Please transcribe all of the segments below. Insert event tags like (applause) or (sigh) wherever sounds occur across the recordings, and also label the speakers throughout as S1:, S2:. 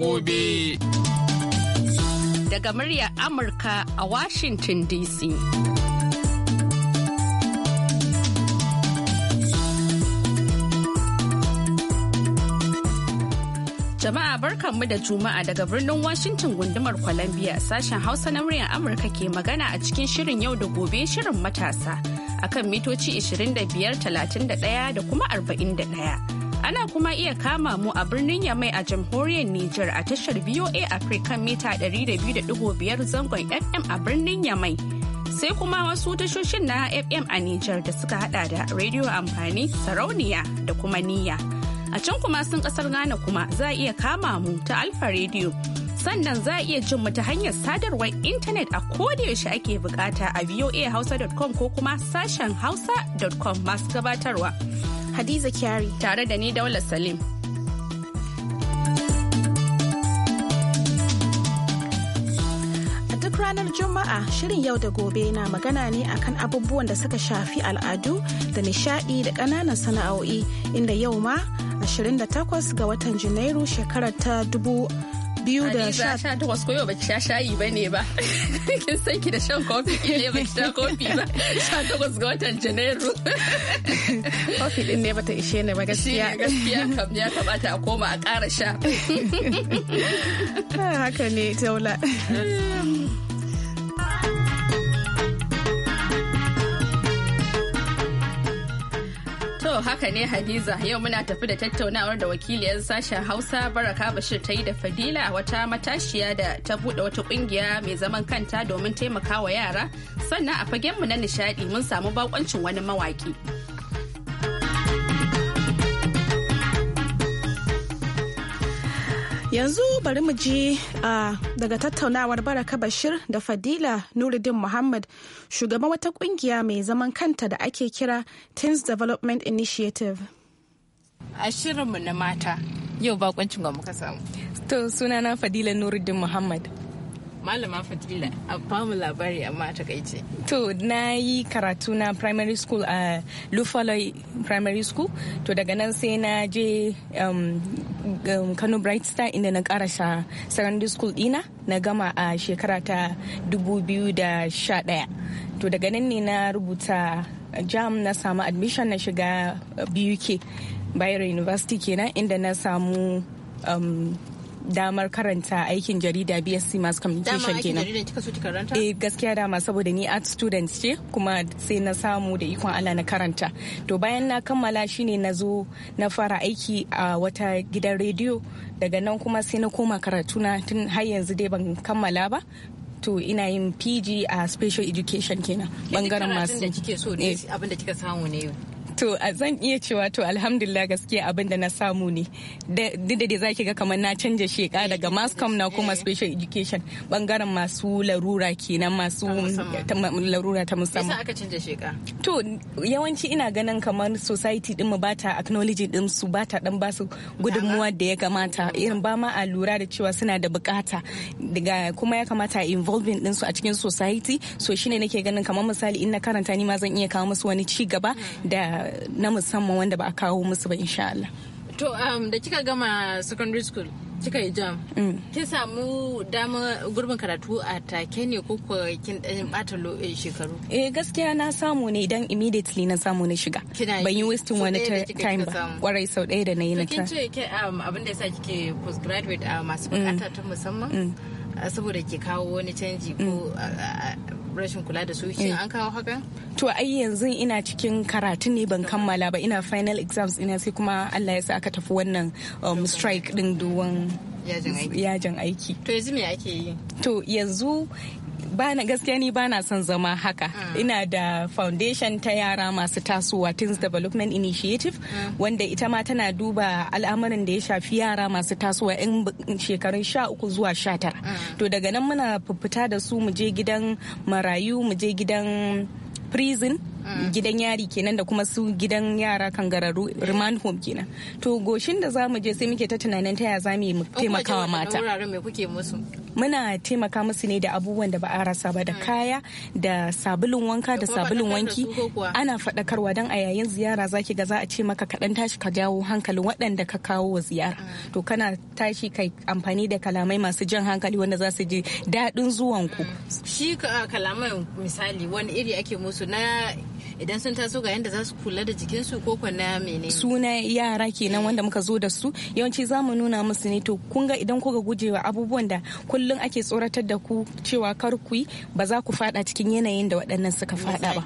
S1: gobe.
S2: Daga muryar Amurka a Washington DC. Jama'a barkanmu da Juma'a daga birnin Washington gundumar Columbia sashen Hausa na muryar Amurka ke magana a cikin shirin yau da gobe shirin matasa akan mitoci 25, 31 da kuma 41. Ana kuma iya kama mu a birnin Yamai a jamhuriyar Nijar a tashar VOA Africa mita 200.5 zangon FM a birnin Yamai. Sai kuma wasu tashoshin na FM a Nijar da suka hada da Radio Amfani, Sarauniya da kuma Niyya. A can kuma sun kasar Ghana kuma za a iya kama mu ta Alfa Radio. Sannan za a iya jin mu ta hanyar sadarwar intanet a yaushe ake bukata a voahausa.com ko kuma sashen hausa.com masu gabatarwa. Hadiza Kyari. Tare da ni Daula Salim. duk ranar Juma'a shirin yau da gobe na magana ne akan abubuwan da suka shafi al'adu da nishadi da ƙananan sana'o'i inda yau ma 28 ga watan Janairu shekarar ta biyu da sha sha takwas ko yau ba sha shayi ba ne (laughs) ba kin san ki da shan kofi ne ba sha kofi ba sha takwas ga watan janairu (laughs) kofi din ne bata ishe ne ba gaskiya gaskiya kam ya kamata a koma a ƙara sha (laughs) ah, haka ne taula haka ne Hadiza yau muna tafi da tattaunawar da wakiliyar sashen Hausa Baraka Bashir ta yi da Fadila wata matashiya da ta buɗe wata ƙungiya mai zaman kanta domin taimakawa yara sannan a fagenmu na nishaɗi mun samu bakoncin wani mawaƙi. Yanzu bari mu je daga tattaunawar Baraka Bashir da Fadila Nuruddin Muhammad, shugaban wata kungiya mai zaman kanta da ake kira tins Development
S3: Initiative.
S4: A shirinmu na mata, yau bakoncin ga muka samu.
S3: To sunana Fadila Nuruddin Muhammad.
S4: malama fatila a famu labari amma a takaice
S3: to na yi karatu na primary school a lufaloi primary school to daga nan sai na je um, um, kano bright star inda na karasa secondary school dina na gama a shekara ta 2011 to daga nan ne na rubuta jam na samu admission na shiga buk bayero university kenan inda na samu um, damar karanta aikin jarida BSc Mass Communication kenan. Eh gaskiya dama saboda ni art student ce kuma sai na samu da ikon Allah na karanta. To bayan na kammala shine na zo na fara aiki a wata gidan rediyo daga nan kuma sai na koma karatu na tun har yanzu dai ban kammala ba to ina yin PG a special education kenan bangaren masu.
S4: so eh. ne kika samu ne
S3: To zan iya cewa to alhamdulillah gaskiya abin da na samu ne. Duk da zaki ga kamar na canja sheka daga mascom na kuma eh. special education bangaren masu larura kenan masu larura ta musamman. aka canja sheka? To yawanci ina ganin kamar society din mu ba ta acknowledge din su ba ta dan basu su gudunmuwa da ya kamata irin ba ma a lura da cewa suna da bukata daga kuma ya kamata involving din su a cikin society so shine nake ganin kamar misali in na karanta ni ma zan iya kawo musu wani ci gaba hmm. da na musamman wanda ba a kawo musu ba insha Allah.
S4: To um, da kika gama secondary school kika yi jam. Mm. Kin samu dama gurbin karatu a take ne ko kin ɗan bata eh, shekaru?
S3: Eh gaskiya na samu ne idan immediately na samu na shiga. Ban yi wasting wani time ba. Kwarai sau ɗaya da na yi na ta. Kin
S4: ce um, abin da yasa kike postgraduate a uh, masu mm. bukata ta musamman? Mm. saboda ke kawo wani canji ko mm. rashin kula da su shin mm. an kawo haka
S3: to ai yanzu ina cikin karatu ne ban kammala ba ina final exams ina sai kuma Allah ya sa aka tafi wannan um, strike din duwan yajin aiki to yanzu me ake yi to yanzu bana gaskiya ni bana son zama haka ah. ina da foundation ta yara masu tasowa teens development initiative ah. wanda ita ma tana duba al'amarin da ya shafi yara masu tasowa in shekarun sha uku zuwa sha tara ah. to daga nan muna fita da su mu je gidan marayu mu je gidan prison Mm. gidan yari kenan da kuma su gidan yara kangararru remand home kenan to goshin da za mu je sai muke ta tunanin ta ya za mu taimakawa mata muna taimaka musu ne da abubuwan da ba a rasa ba da mm. kaya da sabulun wanka da sabulun wanki ana faɗakarwa don a yayin ziyara zaki ga za a ce maka kaɗan tashi ka jawo hankalin waɗanda ka kawo wa ziyara mm. to kana tashi kai amfani da kalamai masu jan hankali wanda za su ji daɗin zuwanku
S4: shi kalamai misali wani iri ake musu na idan sun taso ga yadda za su kula da jikinsu ko
S3: kwana mene suna yara kenan wanda muka zo da su yawanci za mu nuna musu ne to kun ga idan kuka gujewa abubuwan da kullum ake tsoratar da ku cewa kar ku yi ba za ku fada cikin yanayin da waɗannan suka fada ba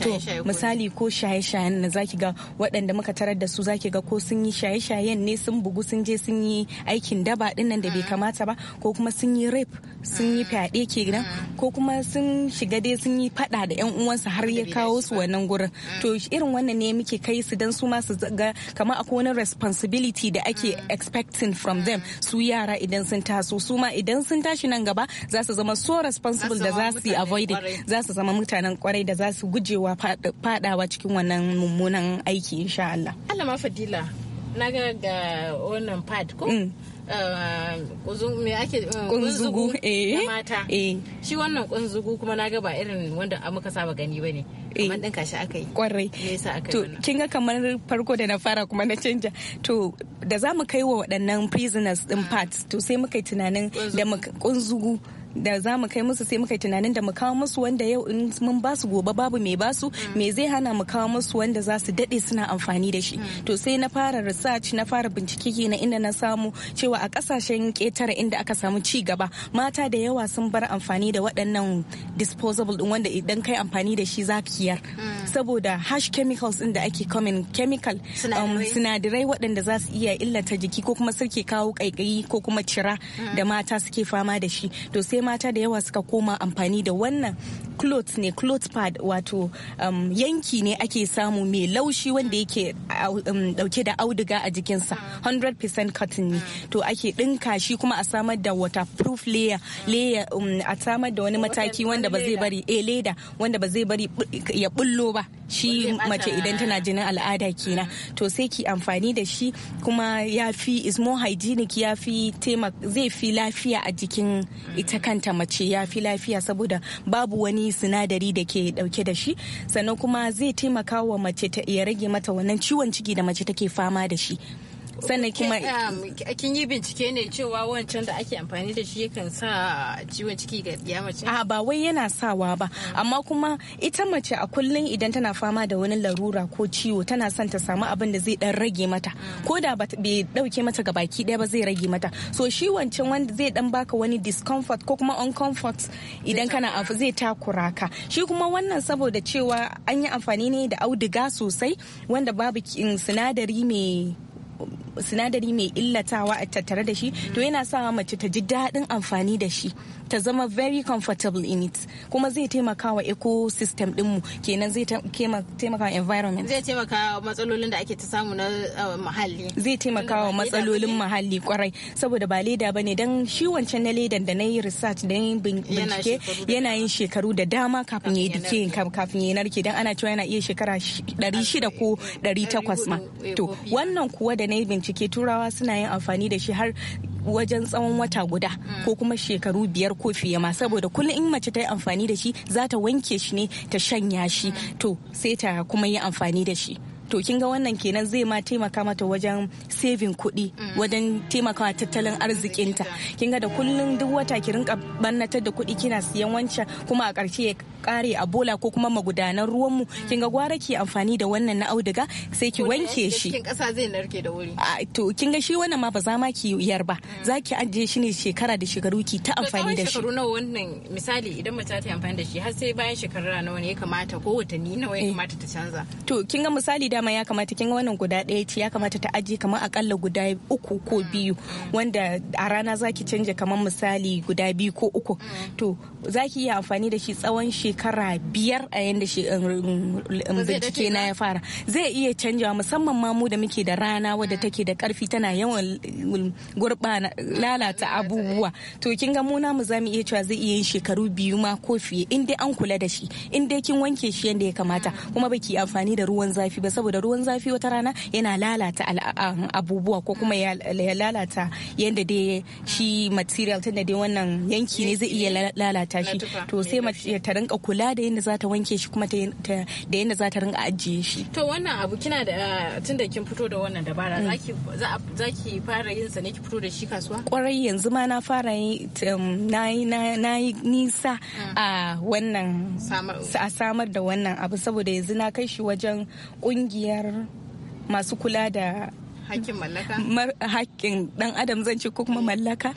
S3: to misali ko shaye-shayen na zaki ga waɗanda muka tarar da su zaki ga ko sun yi shaye-shayen ne sun bugu sun je sun yi aikin daba dinnan da bai mm. kamata ba ko kuma sun yi rape sun yi mm. fyaɗe gidan mm. ko kuma sun shiga dai sun yi fada da yan uwansu har ya kawo su wannan gurin to irin wannan ne muke kai su dan su ma su ga kamar akwai wani responsibility da ake expecting from them su yara idan sun taso su ma idan sun tashi nan gaba za su zama so responsible da za su yi za su zama mutanen kwarai da za su gujewa kaucewa fadawa cikin wannan mummunan aiki insha Allah.
S4: Allah ma fadila na ga ga wannan pad ko? Mm. Eh, eh, kunzugu eh. na mata shi wannan kunzugu kuma na ga
S3: ba irin wanda muka saba gani ba ne kamar ɗinka shi aka yi kwarai to kin ga kamar farko da na fara kuma na canja to da za mu kai wa waɗannan prisoners in ah. parts to sai muka yi tunanin da kunzugu da za mu kai musu sai muka tunanin da mu kawo musu wanda yau in mun ba su gobe babu mai basu. su me zai hana mu kawo musu wanda za su dade suna amfani da shi to sai na fara research na fara bincike ke na inda na samu cewa a kasashen ketare inda aka samu ci gaba mata da yawa sun bar amfani da waɗannan disposable din wanda idan kai amfani da shi za kiyar. Mm. saboda harsh chemicals din da ake common chemical um, sinadarai waɗanda za su iya illata jiki ko kuma suke kawo kaikayi ko kuma cira mm. da mata suke fama da shi to sai sai mata da yawa suka koma amfani da wannan cloth ne cloth pad wato um, yanki ne ake samu mai laushi wanda yake um, dauke da auduga a jikinsa 100% cotton ne to ake dinka shi kuma a samar da waterproof layer layer um, a samar da wani mataki wanda ba zai bari a eh, leda wanda ba zai bari ya bullo ba shi mace idan tana jinin al'ada kenan to sai ki amfani da shi kuma ya fi is more hygienic ya fi zai fi lafiya a jikin ita kanta mace ya fi lafiya saboda babu wani sinadari da ke dauke da shi sannan kuma zai taimaka wa mace iya rage mata wannan ciwon ciki da mace take fama da shi sannan kuma um,
S4: kin yi bincike ne cewa wancan da ake amfani da shi yakan sa ciwon ciki ga a
S3: ba wai yana sawa ba amma kuma ita mace a kullum idan tana fama da wani larura ko ciwo tana son ta samu abin da zai dan rage mata mm. ko da bai dauke mata ga baki daya ba zai rage mata so shi wancan wanda zai dan baka wani discomfort ko kuma uncomfort idan kana afu zai takura ka shi kuma wannan saboda cewa an yi amfani ne da auduga sosai wanda babu um, sinadari mai sinadari mai illatawa a tattare da shi to yana sa mace ta ji daɗin amfani da shi ta zama very comfortable in it kuma zai taimaka wa ecosystem dinmu kenan zai taimaka wa environment zai taimaka wa matsalolin da ake ta samu na uh, muhalli zai taimaka wa matsalolin muhalli kwarai saboda ba leda bane dan shi wancan na ledan da na yi research da yin bincike yana yin shekaru da dama kafin ya dike kafin ya narke dan ana cewa yana iya shekara 600 ko 800 ma to eh, wannan kuwa da na yi bincike turawa suna yin amfani da shi har wajen tsawon wata guda ko kuma shekaru biyar ko fiye ma saboda kullum in mace ta yi amfani da shi za ta wanke shi ne ta shanya shi to sai ta kuma yi amfani da shi to kin ga wannan kenan zai ma taimaka mata wajen saving kuɗi wajen taimakawa tattalin arzikinta kin ga da kullum duk wata ki rinka bannatar da kuɗi kina siyan wancan kuma a ƙarshe kare a bola ko kuma magudanan ruwanmu kin ga gwara ki amfani da wannan na auduga sai ki wanke shi cikin
S4: kasa zai narke da wuri
S3: to kin ga shi wannan ma ba za ma ki yar ba mm. za ki ajiye shi ne shekara da shekaru ki ta amfani da shi shekaru
S4: nawa wannan misali idan mace ta amfani da shi har sai bayan shekara nawa ne ya kamata ko watanni nawa ya eh. kamata ta canza
S3: to kin ga misali dama ya kamata kin ga wannan guda daya ce ya kamata ta ajiye kamar akalla guda uku ko mm. biyu mm. wanda a rana zaki canja kamar misali guda biyu ko uku to zaki iya amfani da shi tsawon shi shekara biyar a yadda um, um, bincike na ya fara zai iya canjawa musamman ma mu da muke da rana wadda hmm. take da karfi tana yawan um, gurɓana lalata abubuwa to kin ga muna mu zamu iya cewa zai iya yin shekaru biyu ma ko fiye in dai an kula da shi in dai kin wanke shi yadda ya kamata hmm. kuma baki amfani da ruwan zafi ba saboda ruwan zafi wata rana yana lalata abubuwa ko kuma ya hmm. lalata yadda dai shi material tunda dai wannan yanki ne zai iya lalata shi to sai mace ta rinka kula da yadda za ta wanke shi kuma da yadda za ta rinka ajiye shi
S4: to wannan abu kina da tun da kin fito da wannan dabara mm. za ki fara yin sa ne ki fito da shi kasuwa
S3: kwarai yanzu ma na fara yi um, na yi nisa mm. a wannan a samar da wannan abu saboda yanzu na kai shi wajen kungiyar masu kula da hakkin mallaka hakkin dan adam zan ci ko kuma mallaka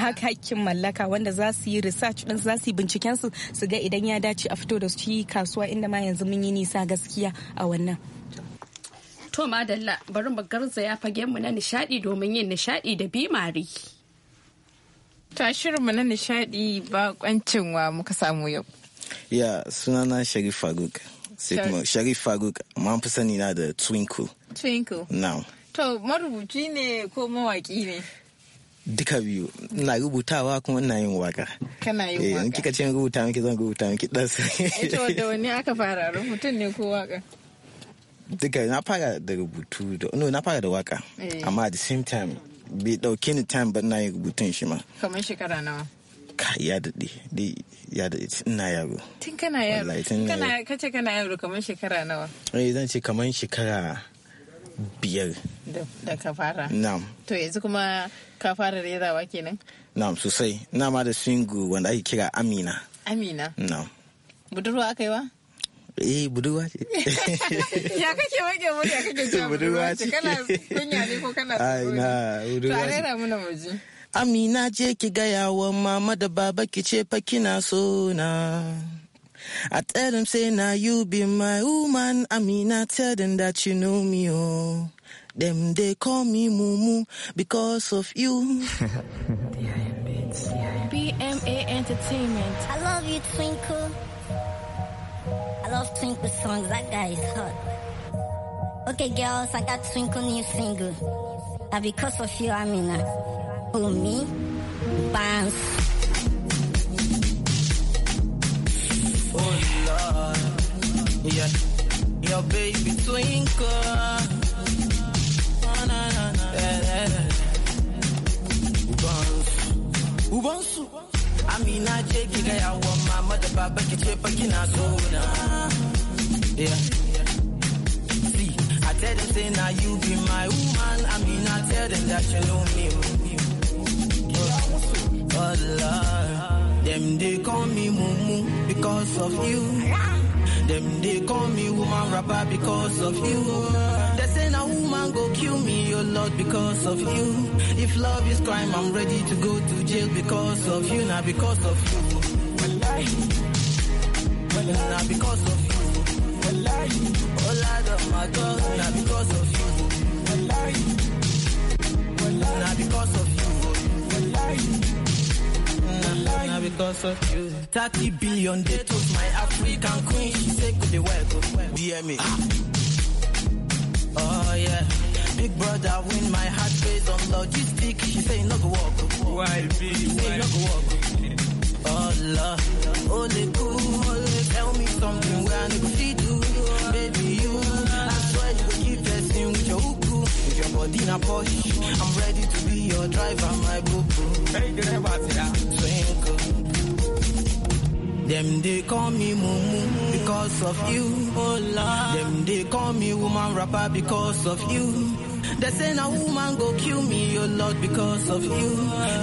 S3: hakkin mallaka wanda za su yi research din za su yi binciken su su ga idan ya dace a fito da su yi kasuwa inda ma yanzu mun yi nisa gaskiya a wannan
S2: to madalla bari mu garzaya fagen mu na nishadi domin yin nishadi da bimari
S4: ta mu na nishadi kwancin wa muka samu yau
S5: ya sunana sharif faruk sai kuma sharif faruk ma fi sani na da twinkle twinkle now
S4: To marubuci ne ko mawaki ne?
S5: Duka biyu, ina rubutawa kuma ina yin waka.
S4: Kana yin waka? Eh, kika
S5: ce rubuta miki zan rubuta miki ɗan eh, To
S4: da wani aka fara rubutun ne ko waka?
S5: Duka na fara da rubutu, no na fara da waka, eh. amma at the same time bai dauke ni time ba na yin rubutun shi ma.
S4: Kamar shekara nawa?
S5: ka ya daɗe ya daɗe ina yaro
S4: tun kana yaro kana kace kana yaro kamar shekara nawa
S5: eh zan ce kamar shekara biyar
S4: da kafara na'am to yanzu kuma kafarar zawa kenan
S5: na'am sosai na ma da singu wanda ake kira amina
S4: amina na'am budurwa aka yi wa
S5: eh budurwa ce
S4: (laughs) ya kake wake murya kake cewa budurwa ce kana kunya ne ko kana (laughs) ai na budurwa ce tare da muji
S5: amina je ki gaya wa mama da baba ki ce fa kina so na I tell them, say, now you be my woman. I mean, I tell them that you know me, oh. Them, they call me Mumu because of you. (laughs)
S4: BMA Entertainment. I love you, Twinkle. I love Twinkle songs. That guy is hot. Okay, girls, I got Twinkle new single. And because of you, I mean, for oh, me, bounce.
S5: Your baby twinkle. Oh, na, na, na. Yeah, yeah,
S1: I Ubansu. i Amina ce I ga yawon mama back. baba ki ce fa Yeah. so na. Yeah. Tell them
S5: say now you be my woman. I mean I tell them that you know me. But oh love them they call me Mumu because of you. Them they call me woman rapper because of you. They say a woman go kill me, oh Lord, because of you. If love is crime, I'm ready to go to jail because of you, not because of you. Not
S1: because of you. Oh Lord of oh my God, not because of you. Not because of you.
S5: because of you. 30 billion they took my African queen. She said, Good welcome. Dear me. Ah.
S1: Oh, yeah. Big brother win my heart based on logistic. She say, No go walk. Why, be? Say, No go walk. Oh, love. Holy cool.
S5: Tell me something where I need to do. Baby, you. I swear you keep testing with your hookoo. With your body in a push. I'm ready to be your driver, my boo boo. Hey, driver, Twinkle. Them they call me Mumu because of you. Oh Them they call me woman rapper because of you. They say a woman go kill me, oh Lord, because of you.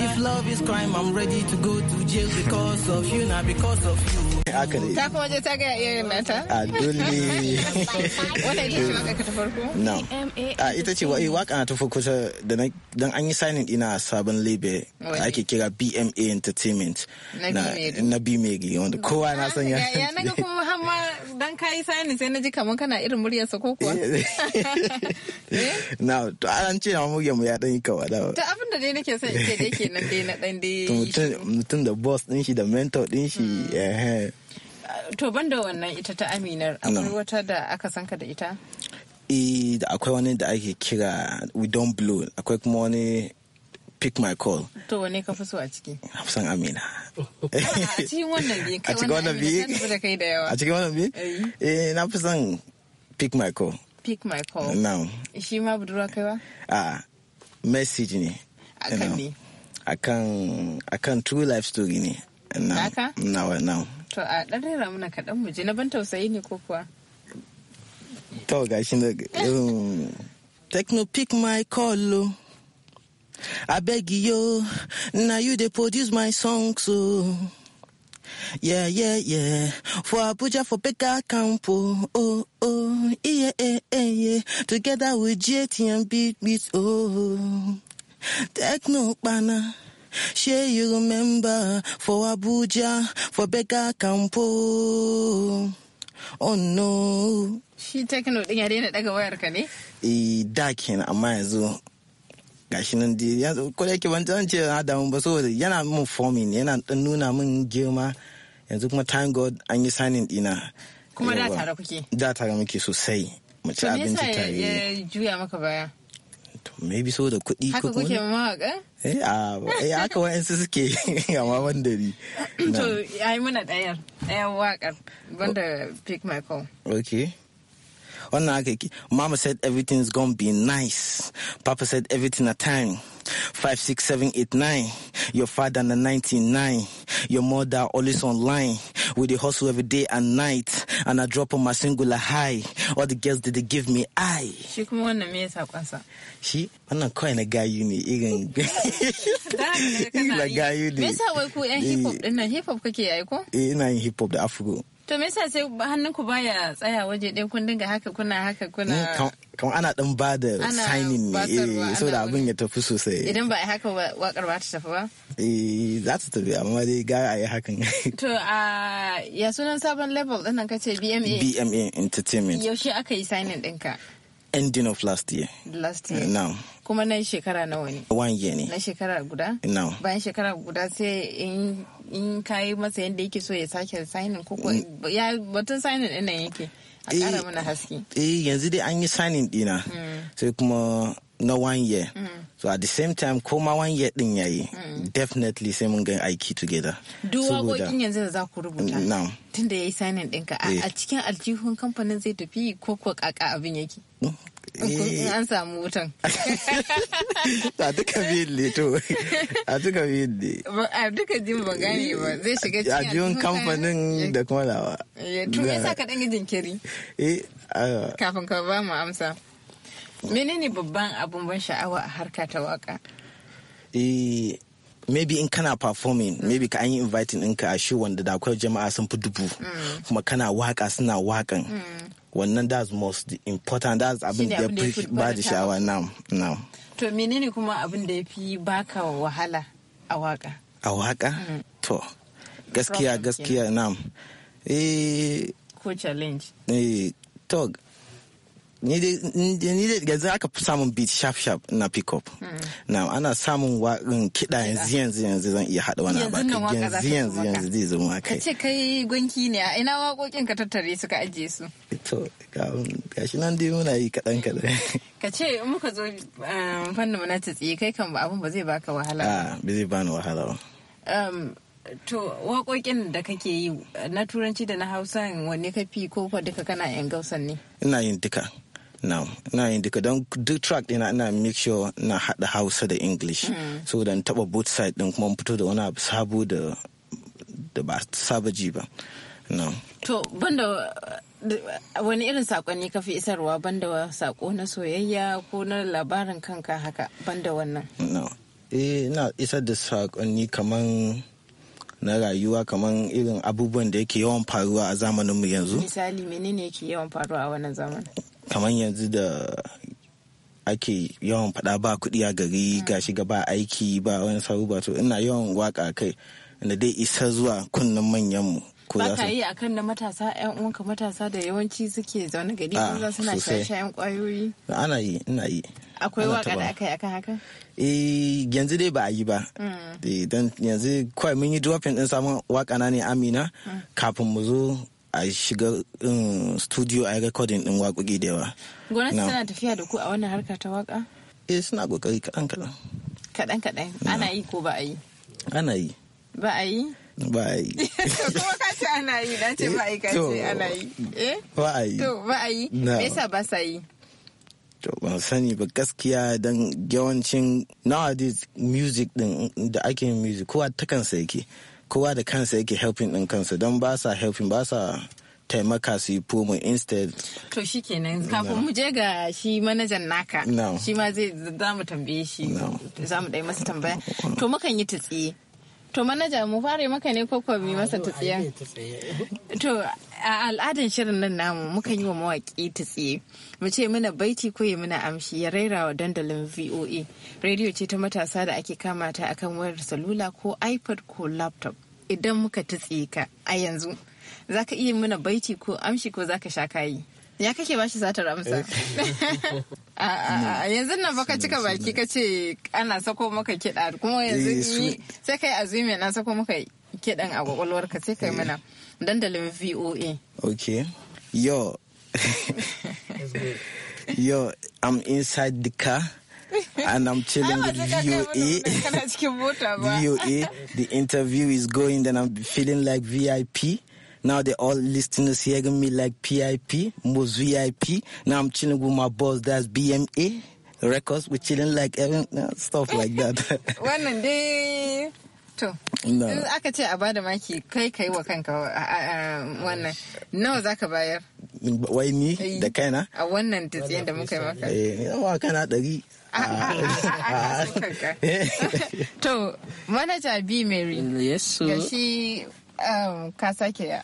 S5: If love is crime, I'm ready to go to jail because of you, not because of you. aka dai ta
S4: kuma je ta ga iyayen nata a dole wata ita ce waka ta farko na a ita ce
S5: waka eh, ta farko ta don an yi sanin ina sabon da ake kira BMA Entertainment na B Megi wanda kowa na san ya ah, ya naga
S4: kuma har ma dan yi sanin sai na ji kamar kana irin muryarsa ko kuwa (laughs) eh.
S5: Eh? na to an ce na muryar mu ya dan yi kawada to
S4: abin da dai nake son ce dai kenan dai na dan dai
S5: (laughs) mutum da boss din shi da mentor din shi hmm. eh
S4: to banda wannan ita ta aminar akwai wata da aka sanka da ita
S5: eh, da akwai wani da ake kira we don't blow akwai kuma wani pick my call.
S4: To wani ka fi so a ciki?
S5: Na Amina. (laughs) A
S4: cikin wannan biyu. A cikin
S5: wannan biyu. A eh. eh na fi son pick my call.
S4: Pick my call. Na. Shi ma budurwa kai ba?
S5: A message ne. Akan ne. Akan akan true life story ne.
S4: Na. Naka? Na wa na. To a ɗan rera mana kaɗan mu ji na ban tausayi ne ko kuwa?
S5: To gashi Techno pick my call oh. I beg you, now you dey produce my songs so. Oh. Yeah, yeah, yeah. For Abuja, for Beka Campo. Oh, oh, oh, yeah, yeah, yeah. Together with JT and Big Beats. Oh, Techno Banner. Shey you remember for Abuja, for Bega Campo. Oh no.
S4: Shi tekno ɗin ya daina daga wayar ka ne?
S5: Eh da kenan amma yanzu gashi nan dai ya ko da yake ban zan ce na damu ba saboda yana min forming yana dan nuna min girma yanzu kuma thank god an yi signing dina.
S4: Kuma da tare kuke?
S5: Da tare muke sosai. Mu abinci tare. Ya
S4: juya maka baya.
S5: maybe so da kuɗi haka kuke ma mawaƙa? eh a eh, haka wa'yansu suke (laughs) amma ban da ni
S4: to yayi mana ɗayar ɗayan waƙar banda pick my call
S5: okay Mama said everything's gonna be nice. Papa said everything at time. Five, six, seven, eight, nine. Your father and the 99. Your mother always online. With the hustle every day and night. And I drop on my singular high. All the girls did they give me
S1: I.
S4: She come on me
S5: She I'm not calling a guy you need. Even (laughs) (laughs) guy
S4: you need. Eh, hip hop kake aiko?
S5: Eh, eh, eh In yin hip hop the Afro.
S4: To me yasa sai hannunku baya tsaya waje ɗaya kun dinga haka kuna haka kuna. Eh,
S5: Kamar ana ɗan ba da signing ne eh so da abin ya tafi sosai. Idan
S4: ba a haka waƙar ba ta tafi ba?
S5: Eh za ta tafi amma dai ga a yi hakan.
S4: (laughs) To a ya sunan sabon level ɗin nan ce BMA.
S5: BMA Entertainment. Yaushe
S4: aka yi signing ɗinka?
S5: ending of last year.
S4: Last year. Eh, now. Kuma na shekara nawa ne? One year ne. Na shekara guda? Now. Bayan shekara guda sai in in kai masa yadda yake so ya sake signing ko mm. ya batun signing ɗin nan yake. A ƙara eh, mana haske.
S5: Eh yanzu dai an yi signing ɗina. Mm. Sai kuma na one year so at the same time koma one year din yayi definitely sai mun ga aiki together duk waƙoƙin
S4: yanzu da za ku rubuta Tun da ya yi signing ɗinka eh. a cikin aljihun kamfanin zai tafi ko ko kaka abin yake mm. eh. an samu wutan
S5: (laughs) a duka biyun ne to a duka biyun ne
S4: a duka jin ba gane ba zai shiga cikin aljihun kamfanin
S5: da kuma lawa
S4: eh, to ya sa ka yi jinkiri kafin ka ba mu amsa menene babban abun ban sha'awa a harka ta waka
S5: eh maybe in kana performing mm. maybe ka an yi inviting ɗinka a shi wanda da akwai jama'a sun fi dubu mm. kuma kana waka suna wakan mm. wannan that's most important that's abin da ya fi ba da sha'awa nam nam
S4: to menene kuma abin da ya fi baka wahala a waka
S5: a waka mm. to gaskiya gaskiya nam eh
S4: ko challenge
S5: eh to ni dai yanzu aka fi samun beat sharp sharp na pick up hmm. na ana samun waƙin mm, kiɗa yanzu yanzu yanzu zan iya haɗa wani abu yanzu yanzu yanzu zai zama Ka ce
S4: kai gunki ne a ina waƙoƙin ka tattare su ka ajiye su
S5: to shi nan dai muna yi kaɗan kaɗan
S4: (laughs) ce in muka zo um, fannin ta tsiye kai kan ba abun ba zai baka wahala A ah,
S5: ba zai bani wahala ba
S4: um, to waƙoƙin da kake yi na turanci da na hausa wanne ka fi ko duka kana yan gausan ne
S5: ina yin duka na yin duka don duk track ɗina ina make sure na haɗa hausa da english hmm. so dan taɓa both side ɗin kuma fito da wani abu sabo da ba saba ji ba no.
S4: to banda uh, wani irin sakonni ka fi isarwa banda sako na soyayya ko na labarin kanka haka banda wannan
S5: no. eh na isar da sakonni kaman na rayuwa kaman irin abubuwan da yake yawan faruwa a zamaninmu yanzu
S4: misali menene yake yawan faruwa a wannan zamanin
S5: kamar yanzu da ake yawan faɗa ba kuɗi a gari mm. gashi ga ba aiki ba wani sabu ba to ina yawan waka kai da dai isa zuwa kunnen manyanmu ko za su
S4: yi akan na matasa yan uwanka matasa da yawanci suke zaune gari ah, ko za suna shayen kwayoyi
S5: ana yi ina yi akwai waka da aka yi akan haka eh yanzu dai ba a yi ba mm. eh, dan yanzu kawai mun yi dropping din samun waka na ne Amina mm. kafin mu zo a shiga um, studio a recording din waƙoƙi da yawa
S4: gwamnati tana tafiya da ku a wannan harka ta waƙa
S5: eh suna ƙoƙari kaɗan kaɗan
S4: kaɗan kaɗan ana yi ko ba a yi ana yi ba a yi ba a yi (laughs) kuma ka ce ana yi na ce eh, ba a yi ka ce ana yi eh ba a yi to ba a yi me yasa ba sa yi
S5: to ban sani ba gaskiya don yawancin nowadays music din da ake yin music kowa ta kansa yake kowa da kansa yake helping din kansa don ba sa helping ba sa taimaka su yi promo instead.
S4: To shi kenan kafin mu je ga shi manajan naka. Shi ma zai za mu tambaye shi. Za mu ɗai masa tambaya. To mukan yi ta tsiye. To manaja mu fara maka ne ko mi ah, masa ta (laughs) To a al'adan shirin nan namu muka yi wa mawaki ta tsiye. Mu ce muna baiti ko ya muna amshi ya raira wa dandalin VOA. rediyo ce ta matasa da ake kama ta akan wayar salula ko iPad ko laptop. Idan muka ta ka a yanzu. Za ka iya muna baiti ko amshi ko za ka sha kayi. ya kake ba shi satar amsa eh. (laughs) yanzu nan baka cika baki ka ce ana sako maka kiɗa kuma yanzu eh, sai kai azumi na sako maka kiɗan a kwakwalwarka sai kai eh. mana dandalin voa
S5: okay yo
S4: (laughs)
S5: yo i'm inside the car
S4: and I'm chilling with VOA.
S5: VOA, (laughs) the interview is going, and I'm feeling like VIP. Now they all listening to hearing me like PIP, most VIP. Now I'm chilling with my boss, that's BMA Records. We're chilling like even, stuff like that.
S4: Wannan dai to,
S5: in aka
S4: ce a bada maki kai kai wa kanka wannan nawa za ka bayar?
S5: Wai ni da kaina?
S4: A wannan tatsiyen da muka yi maka.
S5: Eh, wa kana ɗari.
S4: To, manaja B Mary. Yes, so. ka sake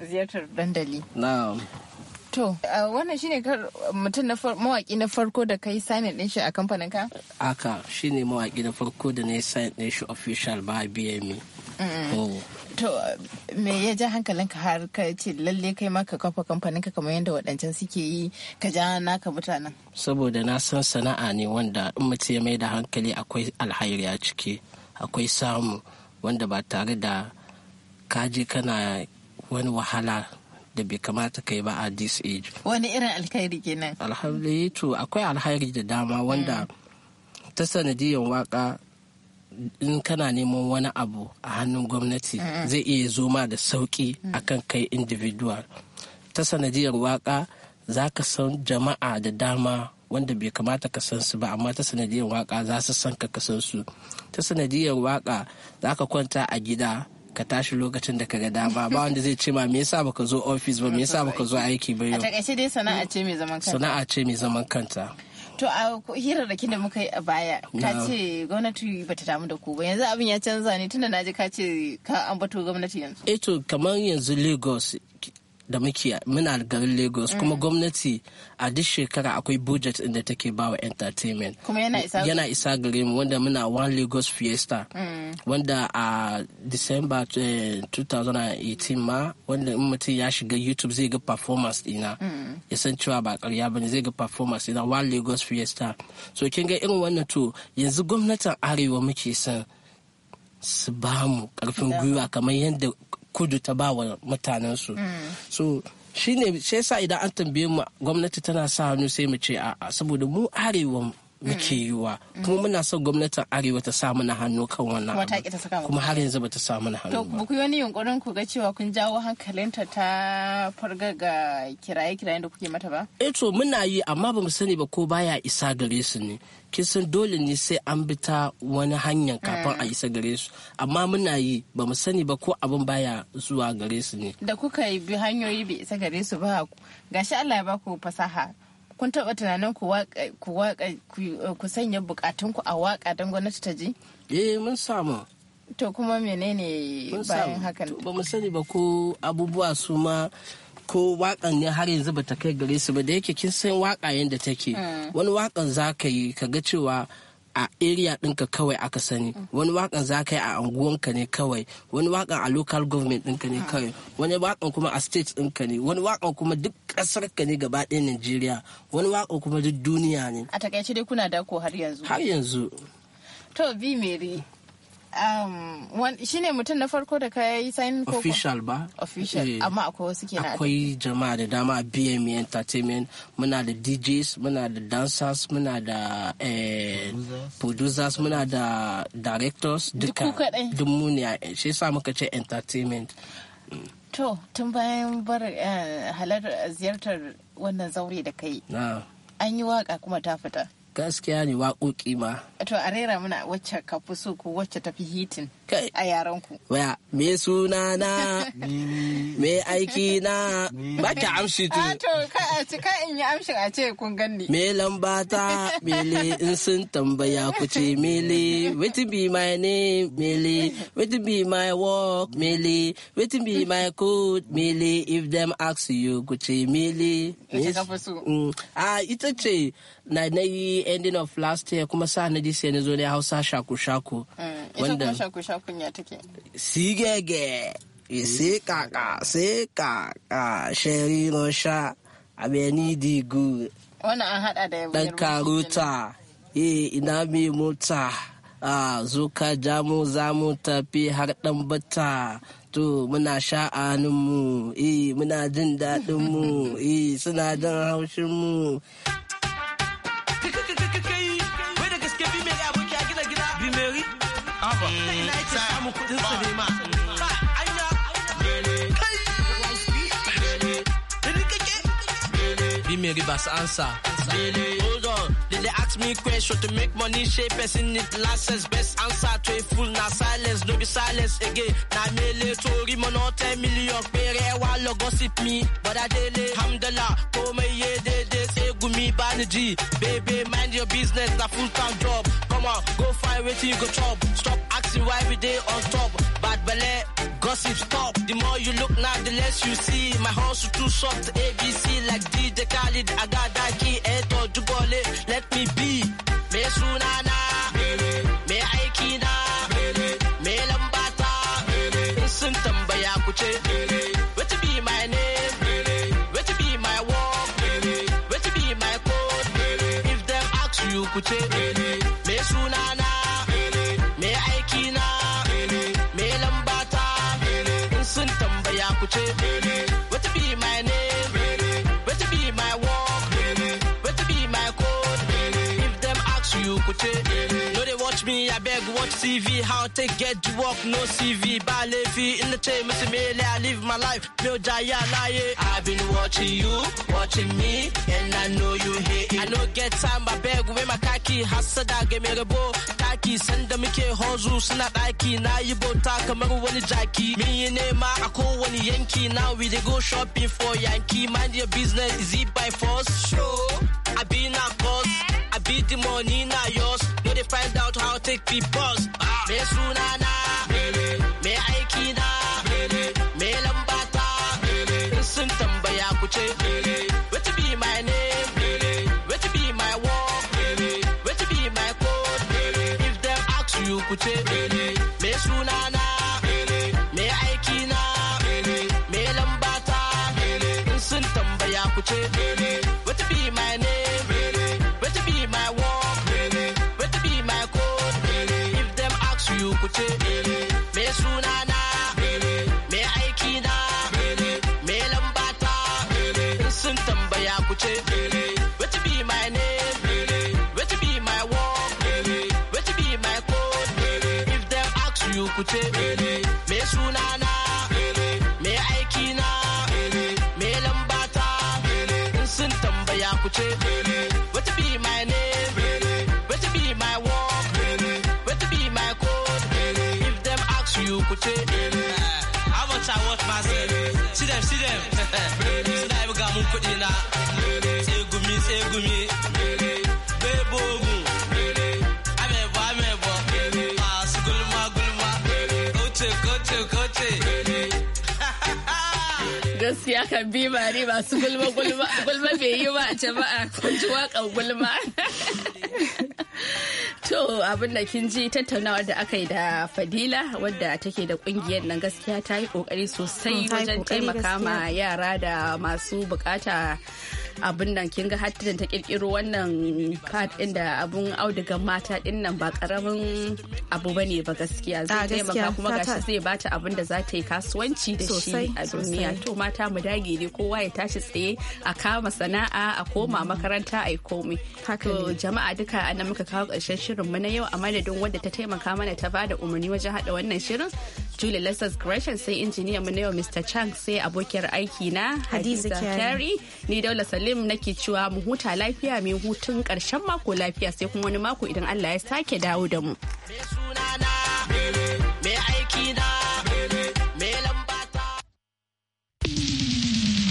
S4: ziyartar dandali. Na'am. To, wannan shine mutum na mawaki na farko da kai signing din shi a kamfanin ka?
S6: Aka shine mawaki na farko da na yi signing din shi official ba BME.
S4: Oh. To, me ya ja hankalinka har ka ce lalle kai ma ka kafa kamfanin ka kamar yadda waɗancan suke yi ka ja naka mutanen?
S6: Saboda na san sana'a ne wanda in mutum ya mai da hankali akwai alhairi a ciki, akwai samu wanda ba tare da ka je kana wani wahala da bai kamata ka ba a this age.
S4: Wani irin alkhairi kenan. Alhamdulillah to akwai
S6: alkhairi da dama wanda mm. ta sanadiyar waka in kana neman wani abu a hannun gwamnati mm. zai iya zo ma da sauki mm. akan kai individual. Ta sanadiyar waka za ka san jama'a da dama wanda bai kamata ka san su ba amma ta sanadiyar waka za su san ka ka Ta sanadiyar waka za ka kwanta a gida ka tashi lokacin da ka ga dama ba wanda zai ce ma me yasa baka zo office ba me yasa baka zo aiki ba yau a
S4: takaice dai sana'a ce mai zaman kanta
S6: sana'a ce mai zaman kanta
S4: to a hirarrakin da muka yi a baya ka ce gwamnati ba ta damu da ku ba yanzu abin ya canza ne tunda naji ka ce ka ambato gwamnati yanzu
S6: eh to kamar yanzu Lagos da muke muna garin lagos mm. kuma gwamnati a duk shekara akwai budget inda take ba wa entertainment yana isa gare mu wanda muna one lagos fiesta mm. wanda a december 2018 eh, ma wanda in mutum ya shiga youtube zai ga performance dina mm. ya san cewa ba karya bane zai ga performance dina one lagos fiesta so kin ga irin wannan to yanzu gwamnatin arewa muke son su ba mu karfin gwiwa kamar yadda kudu ta ba wa mutanensu so shi ne sai sa idan an tambaye mu gwamnati tana sa hannu sai mu ce a'a saboda mu arewa muke mm. yi wa mm. kuma muna son gwamnatin arewa ta sa mana hannu kan wannan kuma har yanzu bata sa mana hannu ba
S4: ku wani yunkurin ku ga cewa kun jawo hankalinta ta farga ga kiraye kiraye da kuke mata ba
S6: eto eh to muna yi amma bamu sani ba ko baya isa gare su ne kin san dole ne sai an bi ta wani hanyar kafin a mm. isa gare su amma muna yi bamu sani ba ko abin baya zuwa gare su ne
S4: da kuka bi hanyoyi bai isa gare su ba gashi Allah ya baku fasaha kun taba tunanin ku eh, sanya bukatun ku a waka don gwamnati ta ji? Eh mun samu. To kuma menene bayan
S6: hakan? Ba mu sani ba ko abubuwa su ma ko wakan ne har yanzu ba ta kai gare su ba da yake kin san waka yadda take. Hmm. Wani wakan za ka yi ka ga cewa a area ɗinka kawai aka sani wani wakan za ka yi a anguwanka ne kawai wani wakan a local government ɗinka ne kawai wani wakan kuma a state ɗinka ne wani wakan kuma duk ƙasar ka ne gaba ɗaya Najeriya wani wakan kuma duk duniya ne
S4: a takaice dai kuna dako har yanzu har yanzu to bi mere um, shi ne mutum na farko da ka yi sign ko official
S6: ba official eh. amma akwai wasu kenan akwai jama'a da dama a BME entertainment muna da DJs muna da dancers muna da eh, producers muna da directors duka duk mu ne shi sa muka ce entertainment
S4: mm. to tun bayan bar eh, halar ziyartar wannan zaure da kai an yi waka kuma ta fita
S6: gaskiya ne waƙoƙi
S4: ma. To a rera mana wacce ka fi so ko wacce ta fi hitin a yaren ku.
S6: Waya me suna na me aiki na ba ta amshi tu.
S4: To ka a ci ka in yi amshi a ce kun ganni.
S6: Me lamba ta mele in sun tambaya ku ce mele wetin be my name mele wetin be my work mele wetin be my code mele if them ask you ku ce mele. Wacce ka fi so. Mm. Ah, ita ce na na yi ending of last year kuma sa na ji sai na zo ne hausa shaku-shaku.
S4: Mm, Wanda ita kuma shaku ya take.
S6: Sigege. Sai kaka, sai kaka, sheri no sha, abeni di gu.
S4: Wannan an hada da yabo. Dan
S6: karuta, eh ina mi mota. a zuka jamu zamu tafi har dan bata. to muna sha'aninmu eh muna jin daɗinmu (laughs) eh suna jin haushinmu
S1: ta ina kuɗin sa ne me reverse answer. Daily, hold on. Did they ask me question to make money shape person need license? Best answer to a fool, now silence, no be silence again. Now mele tori mono 10 million, pere walo gossip me. But I daily, hamdala, come ye de de say gumi banji. Baby, mind your business, na full time job. Come on, go find waiting you go chop. Stop asking why we day on top. Bad ballet. Gossip stop, the more you look now, the less you see. My horse too soft, ABC like DJ Khalid, Agadaki, Eto, eh, Dubole, let me be. Me sunana, me aikina, me lambata, in sun tambaya kuce. What to be my name? Where to be my walk? Where to be my code? If them ask you kuche, me sunana. watch TV, how to get to work, no CV. By Levi in the chain, Mr. Mele, I live my life, no Jaya lie. Eh. I've been watching you, watching me, and I know you hate it. I know get time, I beg with my kaki, da give me a bow. Taki, send them ke hozu, suna daki, na yi bota kamar wani jaki. Me and ne ma a wani Yankee, now we go shopping for Yankee. Mind your business, is it by force? Sure. I be na cause, I be the money na yours. go dey find out how take be boss. Me suna na, me aiki na, me lambata, in sun tambaya ku ce. What be my name? What be my work? What be my code? If them ask you ku ce. Me suna na, me aikina, me lambata, in sun tambaya ku ce. ce me suna na me aiki na me lamba ta in sun tambaya ku ce what be my name what be my work what be my code if them ask you ku ce freedom suna yi buga mun kuɗi na tsegumi tsegumi bebogun amebo amebo masu ah, gulma gulma kote kote kote
S2: gaskiya kan bi mari masu gulma gulma bai yi ba jama'a kun ji waƙan gulma (laughs) To abin da kin ji tattaunawar da aka yi da Fadila wadda take da kungiyar nan gaskiya ta yi kokari sosai mm, wajen taimaka ma yara da masu bukata abin nan kin ga hatta ta kirkiro wannan card din da abun audugan mata din nan ba karamin abu bane ba gaskiya zai taimaka kuma gashi zai bata abin da za ta yi kasuwanci da shi a duniya to mata mu dage ne kowa ya tashi tsaye a kama sana'a a koma mm. makaranta a yi komai to jama'a duka anan muka kawo ƙarshen shirin mu na yau a madadin wadda ta taimaka mana ta bada umarni wajen hada wannan shirin Julie Lessons Gresham sai injiniyan mu na yau Mr. Chang sai abokiyar aiki na Hadiza Kyari ni Daula Salim nake cewa mu huta lafiya mai hutun karshen mako lafiya sai kuma wani mako idan Allah ya sake dawo da mu.